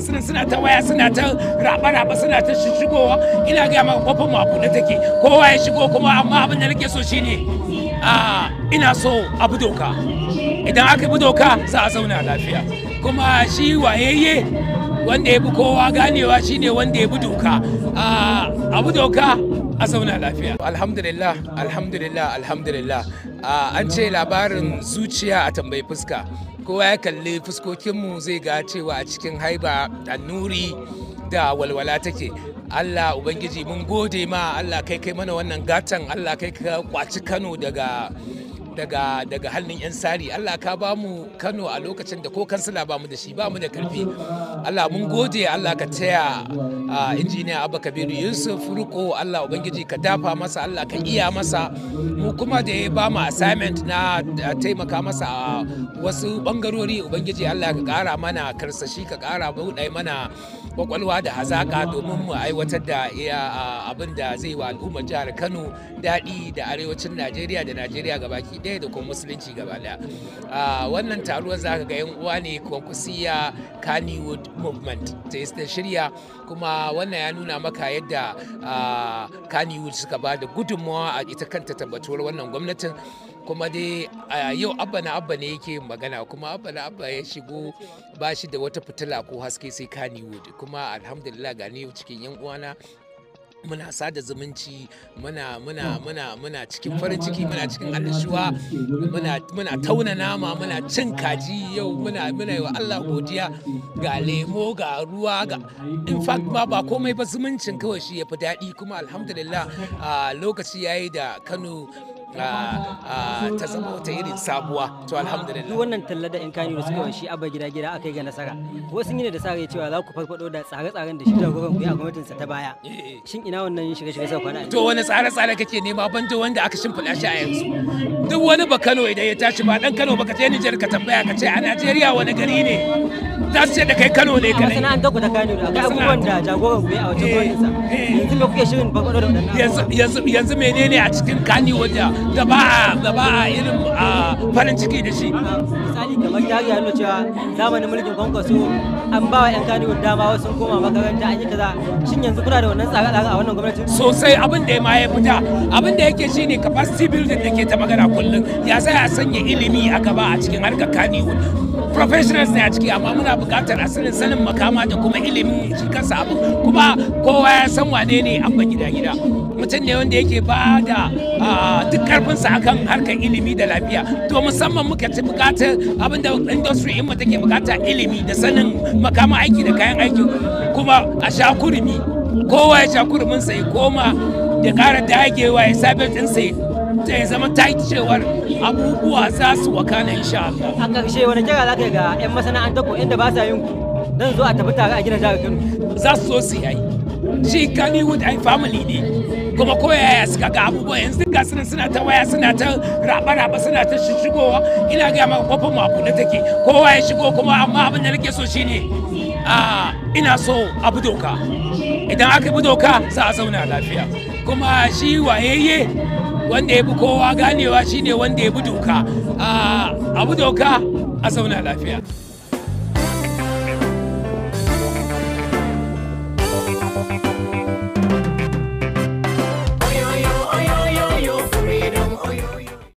ga su suna ta waya suna ta raba-raba suna ta shigowa ina ga maka kofar mu a take kowa ya shigo kuma amma abin da nake so shine ina so a bi doka idan aka bi doka za a zauna lafiya kuma shi wayayye wanda ya bi kowa ganewa shine wanda ya bi doka a bi doka a zauna lafiya alhamdulillah alhamdulillah alhamdulillah an ce labarin zuciya a tambayi fuska kowa ya kalli fuskokinmu zai ga cewa a cikin haiba annuri da walwala take Allah Ubangiji mun gode ma Allah kai kai mana wannan gatan Allah kai ka kwaci Kano daga daga daga hannun yan sari Allah ka ba mu Kano a lokacin da ko kansila ba mu da shi ba mu da karfi Allah mun gode Allah ka taya injiniya Abba Kabiru Yusuf Ruko Allah ubangiji ka dafa masa Allah ka iya masa mu kuma da ya ba mu assignment na taimaka masa a wasu bangarori ubangiji Allah ka kara mana karsashi ka kara buɗe mana kwakwalwa da hazaka domin mu aiwatar da iya abin da zai wa al'ummar jihar Kano daɗi da arewacin Najeriya da Najeriya gabaki ɗaya ɗaya da kuma musulunci gaba ɗaya wannan taruwar za ka ga yan uwa ne kwankwasiya kannywood movement ta ta shirya kuma wannan ya nuna maka yadda kannywood suka ba da gudunmawa a ita kanta tabbatuwar wannan gwamnatin kuma dai yau abba na abba ne yake magana kuma abba na abba ya shigo ba shi da wata fitila ko haske sai kannywood kuma alhamdulillah ni cikin yan uwana muna sada zumunci muna muna muna muna cikin farin ciki muna cikin annashuwa muna muna tauna nama muna cin kaji yau muna muna yi wa Allah godiya ga lemo ga ruwa ga in fact ma ba komai ba zumuncin kawai shi ya fi daɗi kuma alhamdulillah lokaci yayi da Kano ta zama wata irin sabuwa to alhamdulillah wannan talla da in kani da suka shi abba gida gida aka yi ga nasara wasu ne da sa cewa za ku farfado da tsare-tsaren da shi jagoran ku a gwamnatin sa ta baya eh, eh. shin ina wannan shirye-shirye sau kwana to wani tsare-tsare kake nema ban da wanda aka shimfiɗa shi a yanzu duk wani ba Kano idan ya tashi ba dan Kano baka je Niger, ka tambaya ka ce a Najeriya wani gari ne za su ce da kai Kano ne kanai. masana'antar dogo da Kano da akwai abubuwan da jagoran ku ya a wajen gwamnatinsa eh, eh. yanzu me kuke shirin farfado da wadannan yanzu yanzu menene a cikin kani wajen. da ba da ba irin farin ciki da shi misali kamar ta ga nuna cewa zamanin mulkin kwankwaso an ba wa 'yan Kano dama wasu koma makaranta an yi kaza shin yanzu kuna da wannan tsare-tsare a wannan gwamnati sosai abin da ya ma ya fita abin da yake shine capacity building da ke ta magana kullum ya sai a sanya ilimi a gaba a cikin harkar Kano professionals ne a ciki amma muna ana bukatar asirin sanin makama da kuma ilimi shi kansa abu kuma kowa ya san wane ne abba gida gida mutum ne wanda yake ba da duk karfinsa akan harkar ilimi da lafiya to musamman muka ci bukatar abin da industry mu take bukata ilimi da sanin makama aiki da kayan aiki kuma a sha kurmi kowa ya sha sai koma da ƙara dagewa ya sabis ɗin sai ta zama ta yi cewar abubuwa za su wakana insha Allah. A ƙarshe wani kira za ka ga 'yan masana'antar ku inda ba sa yin ku don zo tafi tare a gina jihar Kano. Za su so su yayi. Shi Kannywood ai family ne. kuma ya suka ga abubuwa yanzu ga suna suna ta waya suna ta raba raba suna ta shigowa ina ga maka kofar mu a bude take kowa ya shigo kuma amma abin da nake so shine a ina so a doka idan aka bi doka za a zauna lafiya kuma shi wayayye wanda ya bi kowa ganewa shine wanda ya bi doka a doka a zauna lafiya